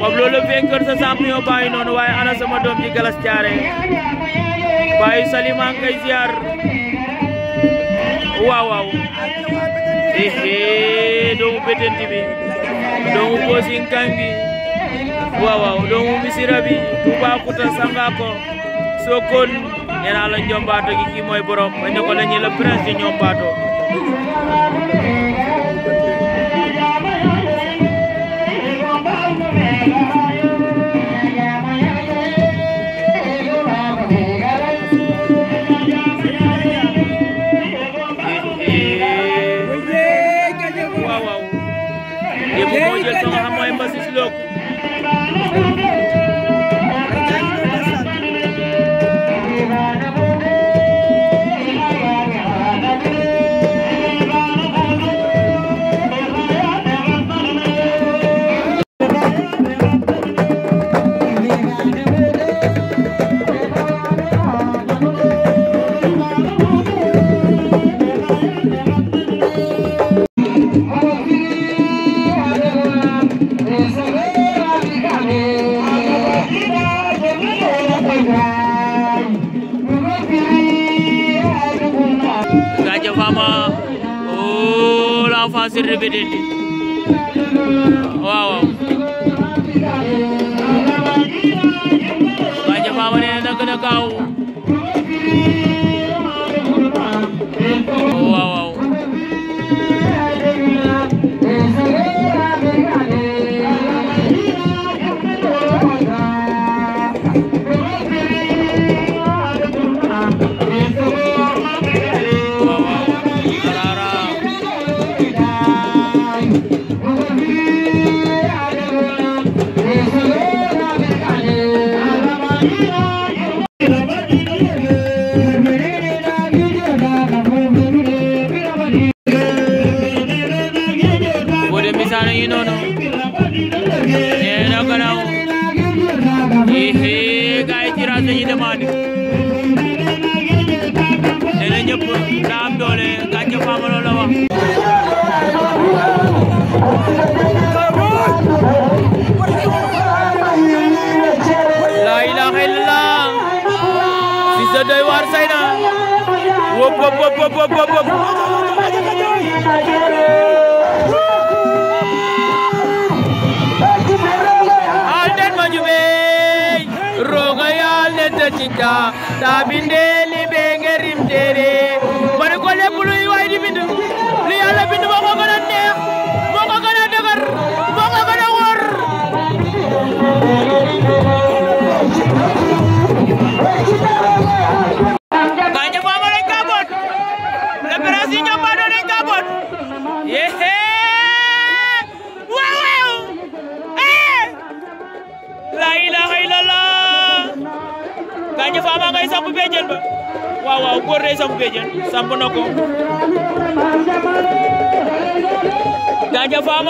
Pablo le vainqueur sa champion bàyyi noonu waaye ana sama doom ji Galas Thiaré bàyyi Salima ngay ziar waaw waaw ehe eh, doomu betenti bi doomu Bosinkan bi waaw waaw doomu Misira bi Toubacouta Sangako Sokone nee naa la Niombato gi kii borom ba ne ko la ñu le Gandia Fama oh l'enfant s'est répété waaw waaw Gandia Fama nee na gën a gaaw oh, waaw ngi noonu nee na gannaaw yii gaay tirage dañuy demande nee na ñëpp daa am doole gàcce faama loolu la wax laa ilaaha illallaah Fils de Doy Waar Seyna wop wop wop wop wop citta daa binde li bee ngeen rim téere ba ne ko lépp luy waay di gën a neex moo gën a dëgër moo gën a wóor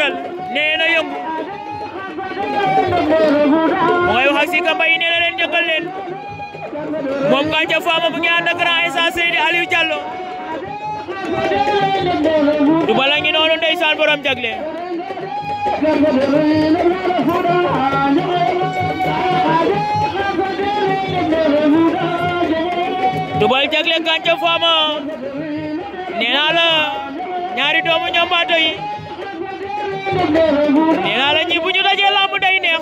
dëgëral nee na yëngu mu ngay wax ak Sika Mbaye leen moom Gandia Fama mu ngi ànd ak grand essence Seydi Aliou Diallo du Dubal jagle Gandia Fama nee naa ñaari doomu ñoom nee naa la ñi bu ñu dajee làmb day neex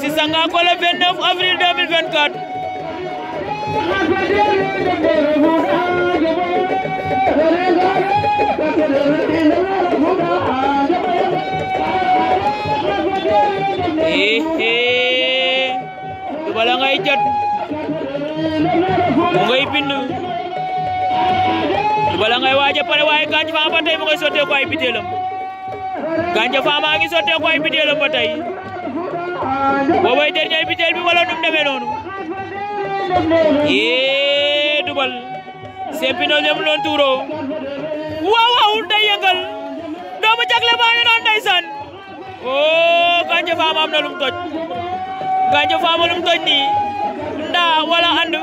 ci si ko le 29 avril 2024 eehee du bala ngay jot mu tu balang du bala ngay waaja pare waaye gaañ fa ba tey mu ngay sottee ko ay biteelam ganja Fama a ngi sotteeku ay bitéelam ba tey boobay dernier bitéel bi wala num demee noonu yee dubal sempino ñam loon wa wa waaw day yëngal doomu jagle baa ngi noonu ndeysaan oo oh, Gandia Fama am na lum toj Gandia Fama lum toj ni nda wala and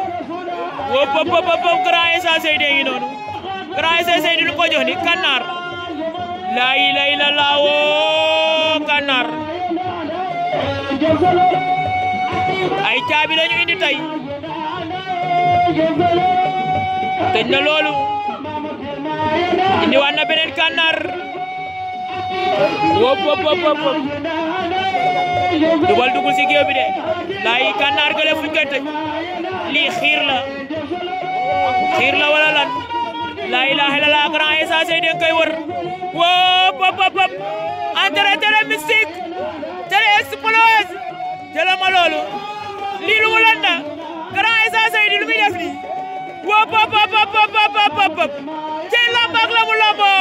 wo oh, pop pop pop grand sa sey dee ngi noonu grand essence sey di lu ko jox ni kanar laa ilaaha illallaah woo Gànnaar ay caabi indi tey tëj na loolu indi waan na beneen Gànnaar wop wop wop dugul si géew bi de laay Gànnaar gële fuñ koy tëj xiir la xiir la wala lan laa ilaaha illallaah grand essence yi dañ koy wóop wóop wóop ah, entrée tere mystique tere explose jëla ma loolu lii lu mu lan na grand Issa Seydi lu muy def nii wóop wóop wóop wóop wóop ci lomb ak la mu lomboo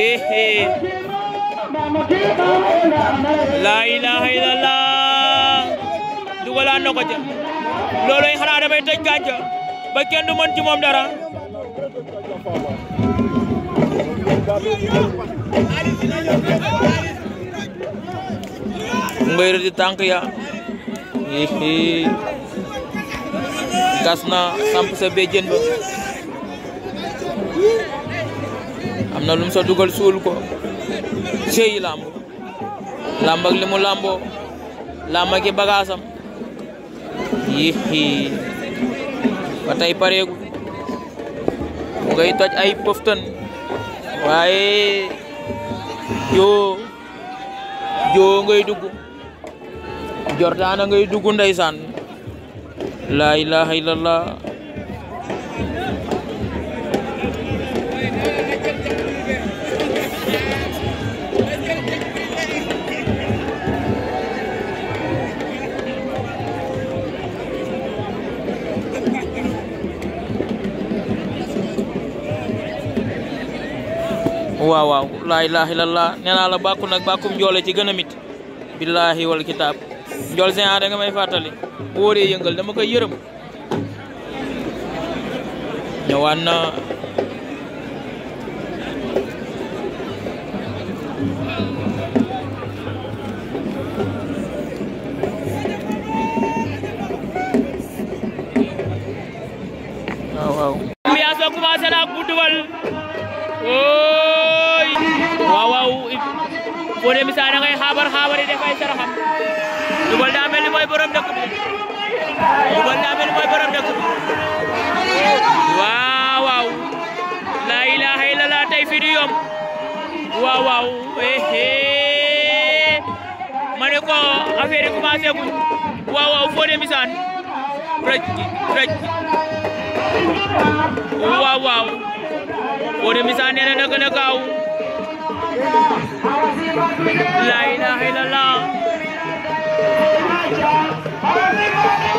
eh, eh. looloy xanaa damay tëj gàncax ba kenn du mën ci moom dara mbëy di tànk ya ii gas na samp sa béjjën ba am na lum sa dugal suul ko sey làmb làmb ak li mu làmboo làmb i bagaasam yii ba tey pareegu ngay toj ay pëftan waaye joo joo ngay dugg jordaana ngay dugg ndeysaan la ilaha illallah waaw waaw laa ilaaha illallah nee naa la bàkku nag bàkkum njoole ci gën a mit billaahi wal kitaab njool Géant da nga may fàttali wóoree yëngal dama koy yërëm ñëwaan na fii du yomb waaw waaw ma ne ko affaire yi commencé guñ waaw waaw Fodé Missane rëj rëj waaw waaw Fodé Missane nee na na gën a gaaw la ilaha illallah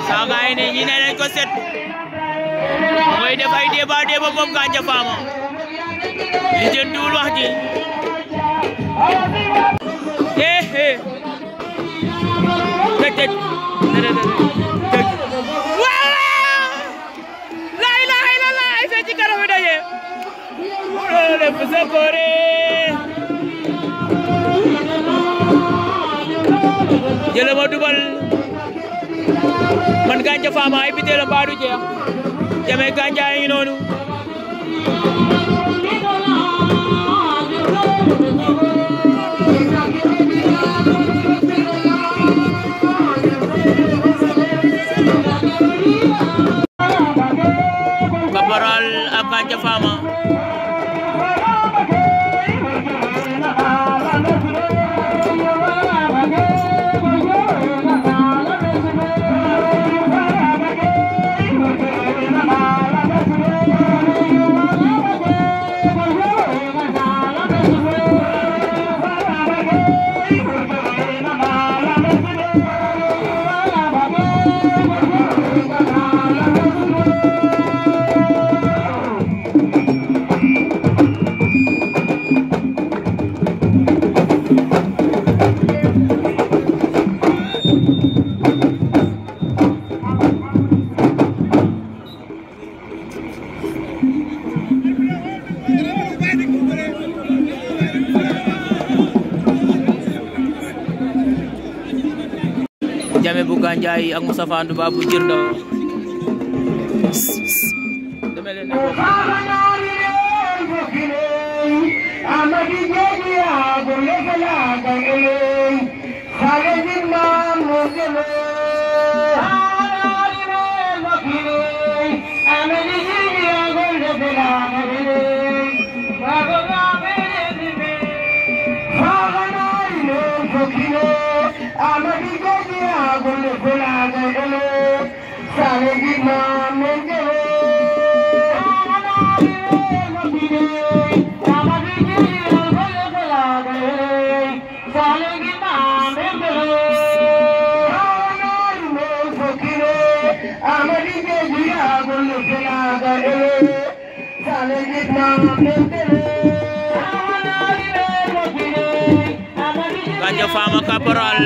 saa gaay ne ñi ne nañ ko set mooy def ay débat débat boobu ganja faama li jëndiwul wax ji eh eh dëgg dëgg dëgg dëgg waaw laa ilaaha illallah ay fecc ci kanamu daje lépp sa koore jële ma dubal man gàncax faama ay bitéelam baadu jeex jame gàncax yi noonu Mbacké Fama Dramé bu Gandiaye ak Moustapha Ndouba bu Djir Ndaw amadi Gajah Fama Kaporal.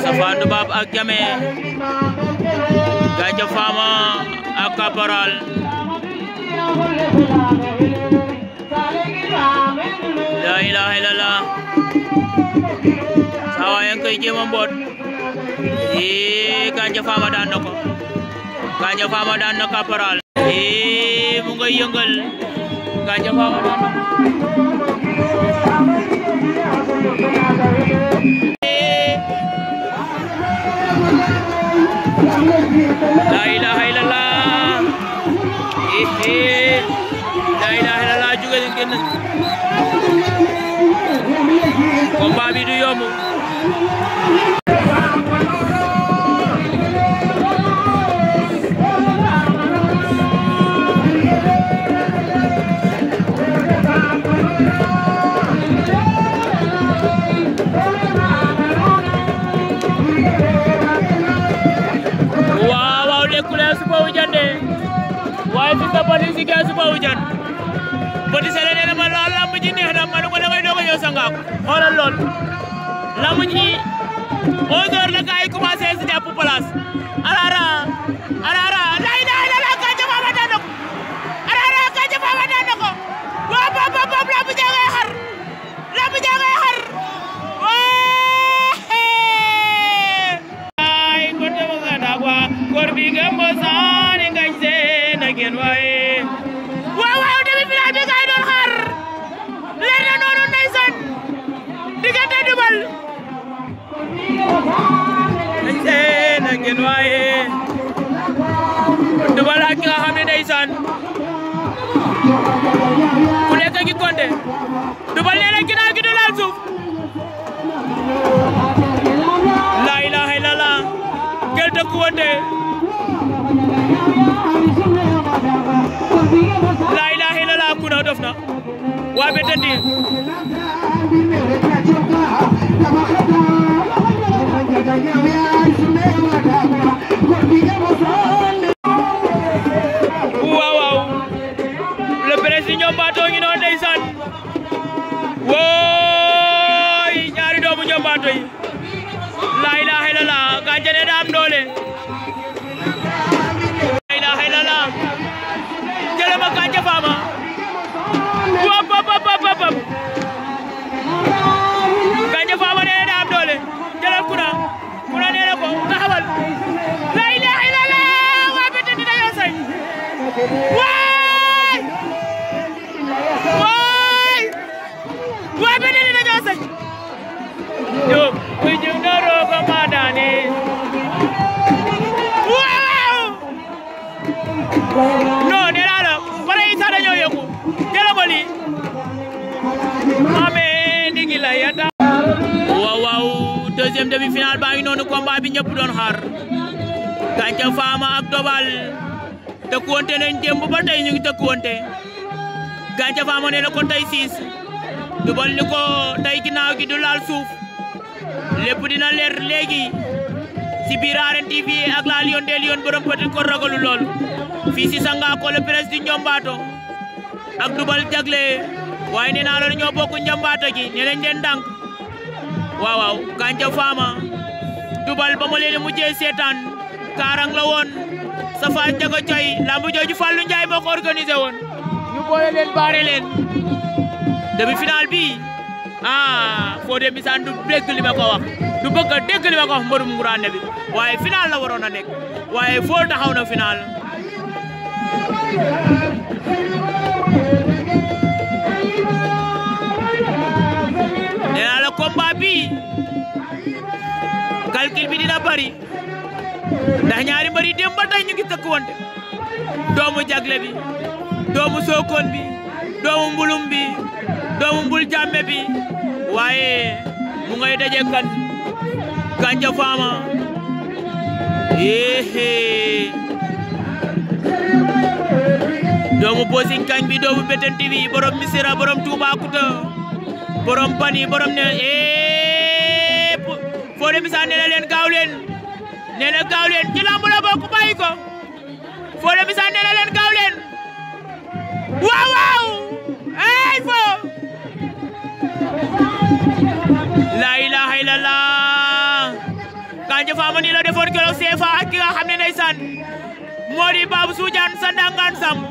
Safan Bab ak Gajah Ganjo Fama ak Kaparol La ilaha illallah Sawayan kay jemambot ee Gandia Fama daan na ko Gandia Fama daan na caporal ee mu ngay yëngal Gandia Fama daan na ko la ilaha illallah ee la ilaha illallah jóge génn combat bi du yomb si geesu Babou Diagne Petit Sélé nee na ma lool lamb ji neex na ma ne ko damay doog a ñëw Sangaku xoolal lool lamb ji 11h waɓe dandi Yeah, yeah. combat bi ñëpp doon xaar Gandia Fama ak Dobal tëkkuwante nañ démb ba tey ñu ngi tëkkuwante Gandia Fama nee na ko tey siis Dobal ni ko tey ginnaaw gi du laal suuf lépp dina leer léegi ci biir Arène TV ak la Lion des Lions ko ragalu lool fii si Sangaako le prince du Ndiombato ak Dobal jagle waaye nee naa la ñoo bokk Ndiombato gi nee nañ leen ndànk dubal ba ma leen mujjee seetaan kaarang la woon Safa Ndiaga Coy lamb jooju Fallou Ndiaye moo ko organisé boole leen baare leen demi-finale bi ah Fodé Missane du dégg li ma wax du bëgg a dégg li ma ko wax waaye final la waroon a nekk waaye foo taxaw na final kalkil bi dina bari ndax ñaari mbër dem ba tay ñu ngi wonte doomu jagle bi doomu sokon bi doomu mbulum bi doomu mbul jàmme bi waye mu ngay dajje kan ganja fama éehée doomu posing kan bi doomu beten tv, borom misira borom kuta borom bani borom ne eh. Fodé Missa nee na leen gaaw leen ci lamb la bokk ko Fodé Missa nee na leen gaaw leen fo laa ilaaha illallah Gandia Fama nii la defoon keroog CFA ak ki nga xam ne moo di Babou Soudiane sa ndangaan sam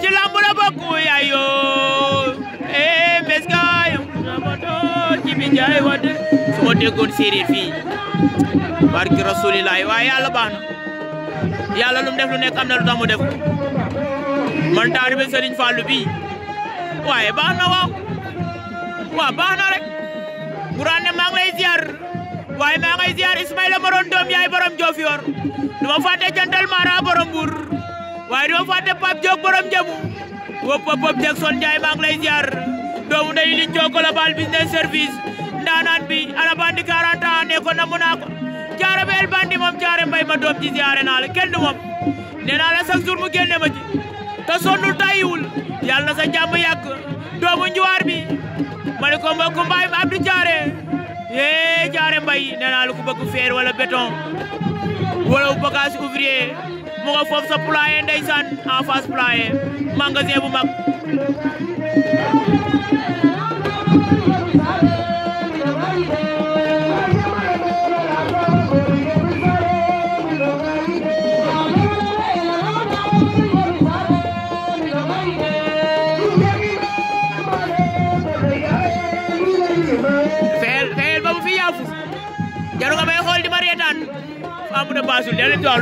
ci lamb la bokk yaayoo eh mes gaayam na ma doon ci boo déggoon séeréer fii barki rasulilaay waaye yàlla baax na yàlla lu mu def lu nekk am na lu tax mu def ko man taalibe Serigne Fallou bii waaye baax na waaw waaw baax na rek Bourane ne maa ngi lay ziar waaye maa ngay ziar Ismaïla doom yaay borom Diofior du ma fàtte jantal Mara borom Mbour waaye du ma fàtte Pape Diop borom Ndiabou wop wop Jackson Ndiaye maa ngi lay ziar doomu day liñ coo global business service ndaanaan bi ana bandi 40 ans ne ko namu jaare beel bandi moom jaare mbay ma doom ji ziare naa la kenn moom nee la chaque jour mu génne ma ci te sonnul tàyyiwul yàlla sa jàmm yàgg doomu njuwaar bi ma ne ko mbokku mbaay Abdou Jaare yee Jaare mbay nee la ku bëgg wala béton wala bagage ouvrier mu nga foofu sa poulailler ndeysaan en face poulailler magasin bu mag jaru nga may xool Jangan ma reetaan faa di wax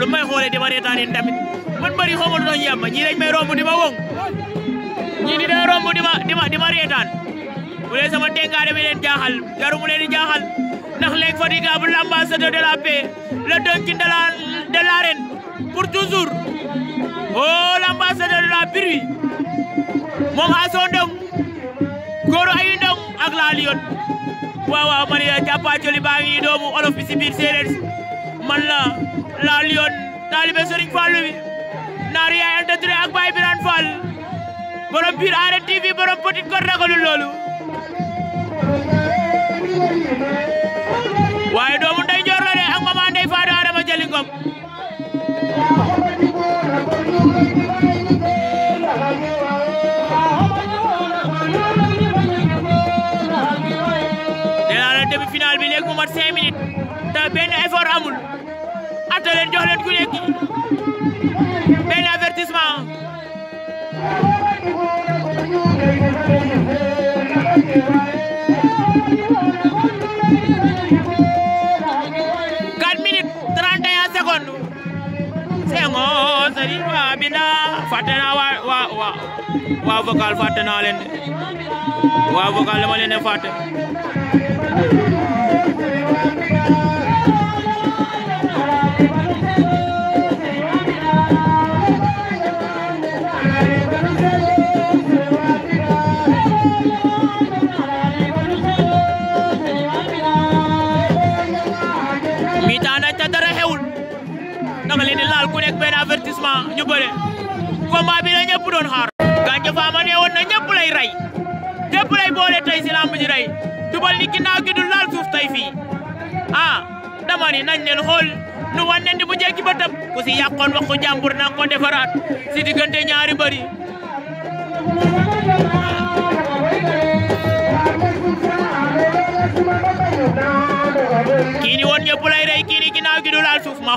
lu may xoolee di ma reetaan yéen tamit man bëri xaw ma lu tax yàmba ñii di ma wong ñii di di ma di ma di mulai sama dénkaane bi leen jahal jaru mu leen di jaaxal ndax léegi Fadiga bu l'ambassadeur de la paix le ci de la de l'arène pour toujours oh l'ambassadeur de la bruit moom Asson Ndong goro ay Ndong ak la Lion wa wa maria ya. japa joli baa ngi doomu olof ci bir biir man la la Lion taalibe Sëriñ Fallu bi naar yaay entre ak bay biran Fall borom bir Arène TV borom petit corne ko loolu waaye doomu ndey joor de ak mama ndey faatu adama jëli ngom nee naa la demi final bi mat cinq minutes te benn effort amul atte leen jox leen ku nekk benn mo sëriñ wa wa wa wa vocal fàtte naa wa vocal dama leen ci bëre combat bi la ñëpp doon xaar Gandia Fama ne na ñëpp lay rey ñëpp lay boole tey si ji tubal ni gi du laal suuf ah dama ni nañ leen xool nu wan leen di mu jekki ba tëb ku si yàqoon wax ko jàmbur na ko defaraat si diggante ñaari bëri kii ni woon lay ray, kini ni gi du laal suuf ma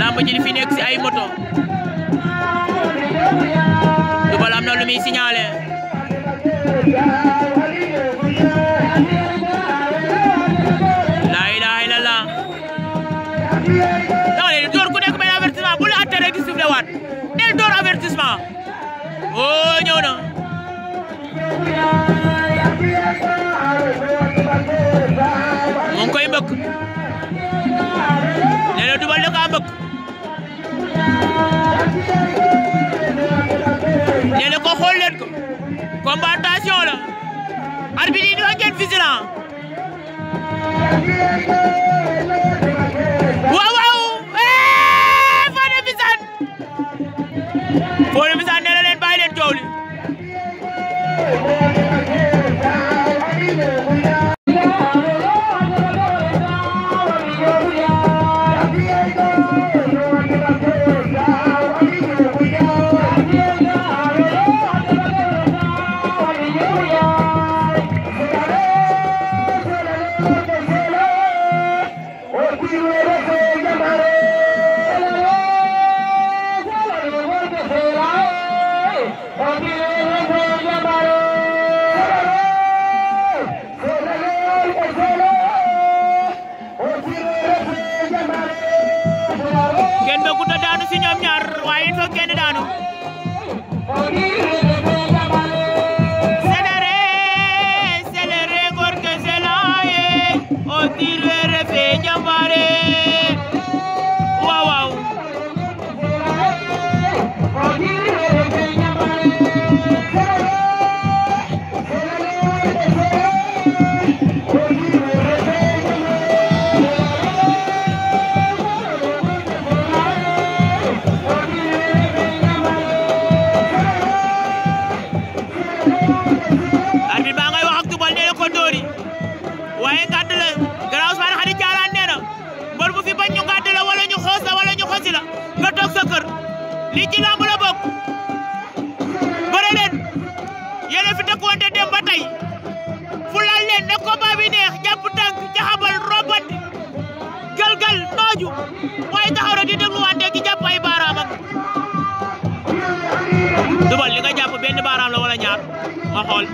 làmb ji li nekk si ay moto Double am na lu muy signalé laa ilaaha leen di door ku nekk benn avertissement bu la atte rek di soufflé waat del door avertissement oo oh, ñëw na mbëkk nee ko xool leen ko combat tension la arbitre yi dafa ngeen vigilant waaw waaw eh, Fane nga xool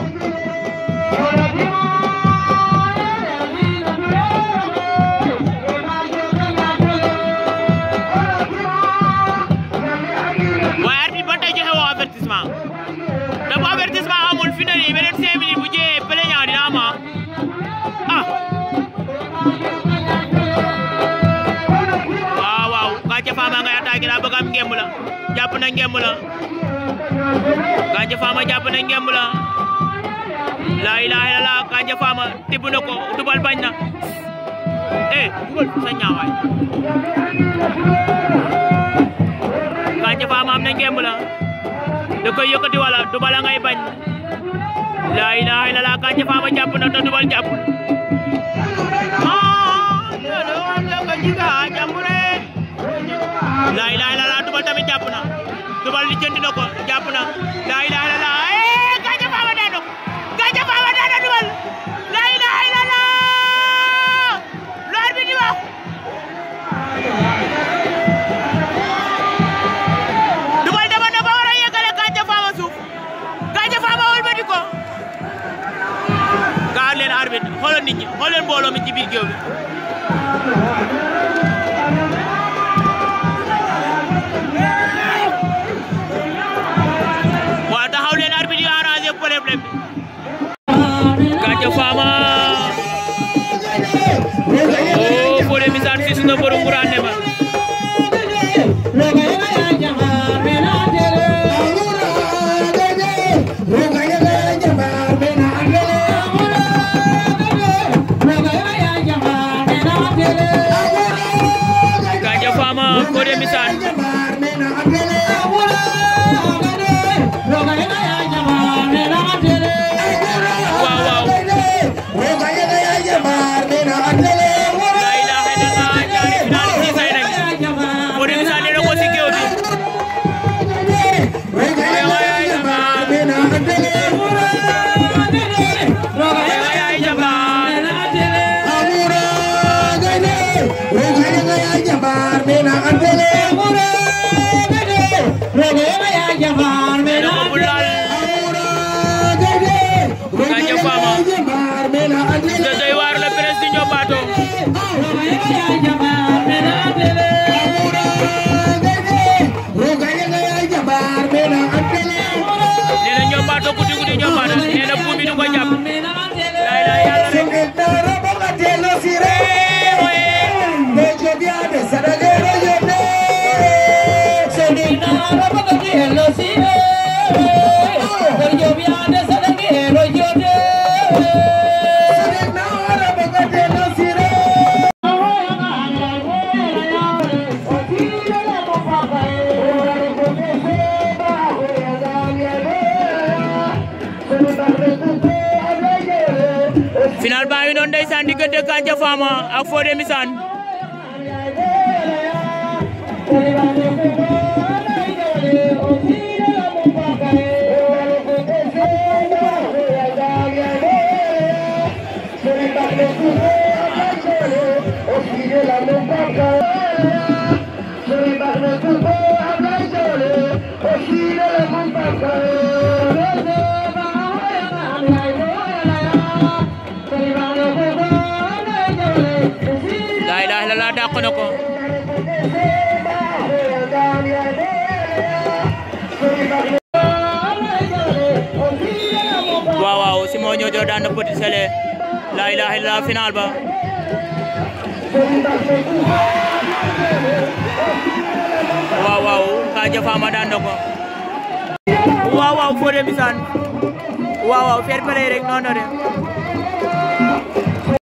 waaye arbitre ba tey joxe woo avertissement te bu avertissement amul fi ne nii beneen cinq bu jëyee plaignant dina am ah, ah. waaw waaw Gandia Fama ngay attaqué daa bëgg am ngemb la jàpp na ngemb la Gandia Fama jàpp na ngemb la laa ilaaha illallaah Gandia Fama tibb na ko dubal bañ na eh dubal sa ñaawaay Gandia am na ngemb la da koy yëkkati wala dubal a ngay bañ laa ilaaha illallaah Gandia Fama jàpp na te dubal jàpp laa ilaaha illallaah dubal tamit jàpp na dubal li na ko leen mbooloo mi ci biir géew bi da doy waar la presse di ñoo baatoo Fama ak Fodé Missane daan na Petit Sélé la ilaha illallah ba waaw waaw Kadia Fama daan na ko waaw waaw Fodé Mbissane waaw waaw fair